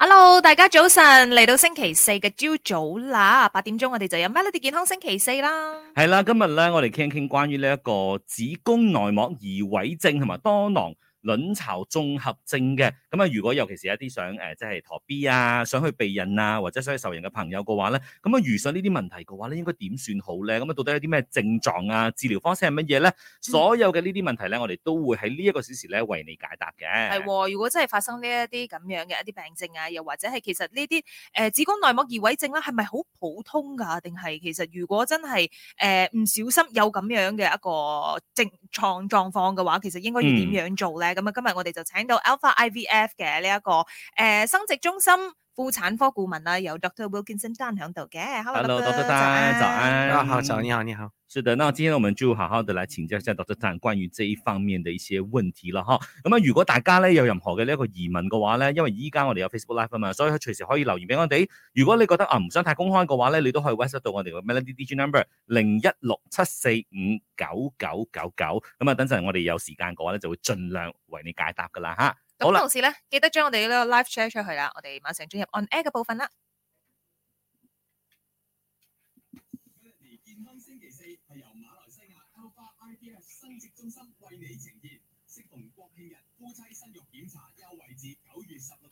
Hello，大家早晨。嚟到星期四嘅朝早啦，八點鐘我哋就有《MELODY 健康星期四》啦。係啦，今日呢，我哋傾一傾關於呢一個子宮內膜異位症同埋多囊卵巢綜合症嘅咁啊，如果尤其是一啲想誒、呃、即係陀 B 啊，想去避孕啊，或者想去受孕嘅朋友嘅話咧，咁啊遇上呢啲問題嘅話咧，應該點算好咧？咁啊，到底有啲咩症狀啊？治療方式係乜嘢咧？所有嘅呢啲問題咧，我哋都會喺呢一個小時咧為你解答嘅。係，如果真係發生呢一啲咁樣嘅一啲病症啊，又或者係其實呢啲誒子宮內膜異位症啊，係咪好普通㗎？定係其實如果真係誒唔小心有咁樣嘅一個症？創狀況嘅話，其實應該要點樣做咧？咁啊，今日我哋就請到 Alpha IVF 嘅呢、這、一個誒、呃、生殖中心。婦產科顧問啊，有 Dr. Wilkinson 丹響度嘅。Hello，Dr. 丹，早安。啊安，嗯、好，好早，你好，你好。是的，那今天我們就好好的來請教一下 Dr. 丹關於這一方面的一些問題啦，嗬，咁啊，如果大家咧有任何嘅呢一個疑問嘅話咧，因為依家我哋有 Facebook Live 啊嘛，所以隨時可以留言俾我哋。如果你覺得啊唔想太公開嘅話咧，你都可以 WhatsApp 到我哋嘅 Melody Digi number 零一六七四五九九九九。咁啊，等陣我哋有時間嘅話咧，就會盡量為你解答噶啦，吓。咁同時咧，記得將我哋呢個 live chat 開出去啦，我哋馬上進入 on air 嘅部分啦。健康星期四係由馬來西亞 Alpha IVF 生殖中心為你呈現，適逢國慶日，夫妻生育檢查優惠至九月十六。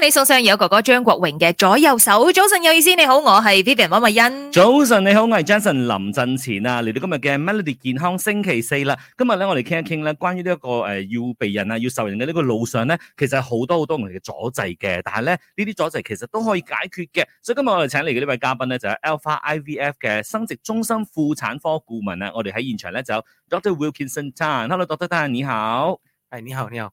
你送上有哥哥張國榮嘅左右手，早晨有意思，你好，我係 Vivian 汪慧欣。早晨你好，我係 Jason 林振前啊！嚟到今日嘅 Melody 健康星期四啦。今日咧，我哋傾一傾咧，關於呢一個誒要避孕啊，要受孕嘅呢個路上咧，其實好多好多人嘅阻滯嘅，但係咧呢啲阻滯其實都可以解決嘅。所以今日我哋請嚟嘅呢位嘉賓咧，就係 Alpha IVF 嘅生殖中心婦產科顧問啊。我哋喺現場咧就有 Dr. Wilkinson Chan，hello，Dr. Chan，你好，係你好，你好。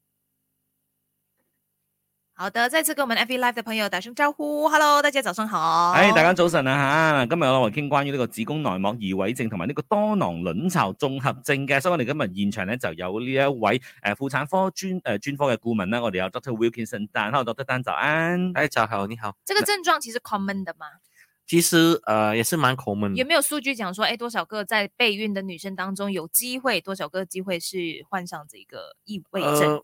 好的，再次跟我們 FV Live 的朋友打聲招呼，Hello，大家早上好。哎，hey, 大家早晨啊吓，今日我哋傾關於呢個子宮內膜異位症同埋呢個多囊卵巢綜合症嘅，所以我哋今日現場呢就有呢一位誒婦、呃、產科專誒專科嘅顧問啦，我哋有 Dr Wilkinson，Hello Dr Dan 就，哎、hey, 早好，你好。這個症狀其實 common 的嘛？其實誒、呃，也是蠻 common。有冇有數據講說，誒、欸，多少個在備孕的女生當中有機會，多少個機會是患上這個異位症？呃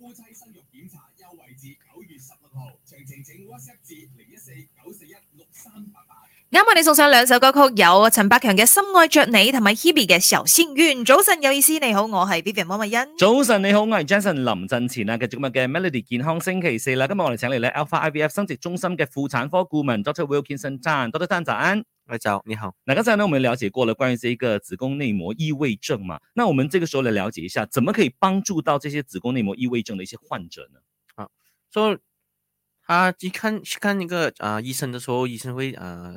夫妻生育檢查優惠至九月十六號，詳情請 WhatsApp 至零一四九四一六三八八。啱為你送上兩首歌曲，有陳百強嘅《深愛着你》同埋 Hebe 嘅《小幸運》。早晨有意思，你好，我係 Vivian 莫慧欣。早晨你好，我係 Jason 林振前啊。繼續今日嘅 Melody 健康星期四啦。今日我哋請嚟咧 Alpha IVF 生殖中心嘅婦產科顧問 Dr Wilkinson Tan，多啲讚讚。早，你好。嗱，剛才呢，我們了解過了，關於這個子宮內膜異位症嘛？那我們這個時候嚟了解一下，怎麼可以幫助到這些子宮內膜異位症的一些患者呢？啊，所以，他、啊、一看看那個啊醫生的時候，醫生會啊。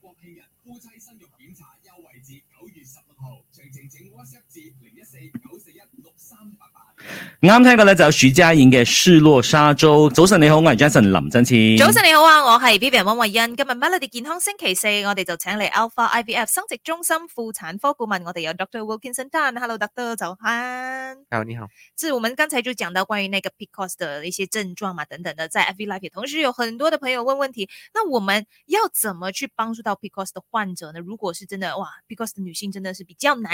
國慶日夫妻生育檢查優惠至九月十六號。零一一四四九六三八啱聽嘅咧就徐佳瑩嘅《失落沙洲》。早晨你好，我係 Jason 林振詞。早晨你好啊，我係 Vivian 汪慧欣。今日 Melody 健康星期四，我哋就請嚟 Alpha IVF 生殖中心婦產科顧問，我哋有 Dr. Wilkinson Tan。Hello doctor，早。Hello，你好。是我們剛才就講到關於那個 PCOS 的一些症狀嘛，等等的，在 FB Live 同時有很多的朋友問問題，那我們要怎麼去幫助到 PCOS 的患者呢？如果是真的哇，PCOS 的女性真的是比較難。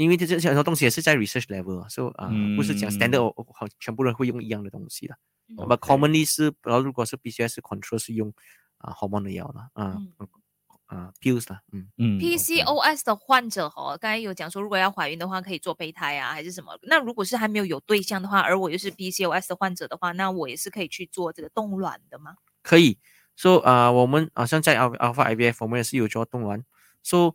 因為這些樣好多東西也是在 research level，所以啊，唔係講 standard，好、嗯、全部人都會用一樣的東西啦。咁啊 commonly 是，然後如果是 PCOS 是 control，係用啊 hormonal 啦，啊啊 pill 啦，嗯。嗯。PCOS okay 的患者哦，剛才有講說如果要懷孕的話，可以做胚胎啊，還是什麼？那如果是還沒有有對象的話，而我又是 PCOS 的患者的話，那我也是可以去做這個凍卵的嗎？可以，所以啊，我們啊，像在 Alpha IVF 我們也是有做凍卵，so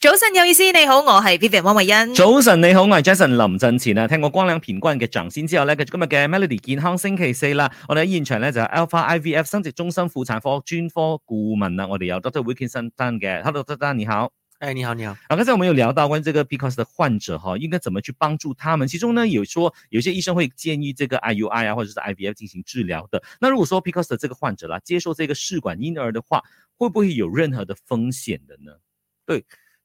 早晨有意思，你好，我是 Vivian 汪慧欣。早晨你好，我是 Jason 林振前啊。聽過光亮品君嘅掌聲之後咧，繼續今日嘅 Melody 健康星期四啦。我喺現場呢就係 Alpha IVF 生殖中心婦產科專科顧問啊我哋有 Doctor Wilkinson 嘅 h e l l o d o 你好。誒、哎，你好，你好。嗱、啊，剛才我們有聊到關於這個 Picos 的患者哈，應該怎麼去幫助他們？其中呢有說，有些醫生會建議這個 IUI 啊，或者是 IVF 進行治療的。那如果說 Picos 的這個患者啦，接受這個試管嬰兒的話，會不會有任何的風險的呢？對。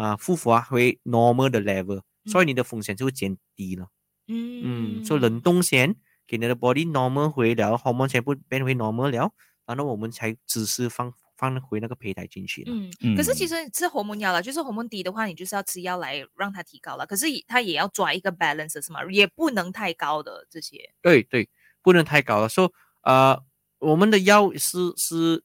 啊，復啊回 normal 的 level，、嗯、所以你的風險就減低了。嗯，嗯，所以冷凍先，給你的 body normal 回了，荷爾蒙全部變回 normal 了，然後我們才只是放放回那個胚胎進去了。嗯嗯，嗯可是其實你吃荷爾蒙藥了，就是荷爾蒙低的話，你就是要吃藥來讓它提高了。可是它也要抓一個 balance，是嗎？也不能太高的這些。對對，不能太高了。所、so, 以、呃，呃我們的藥是是。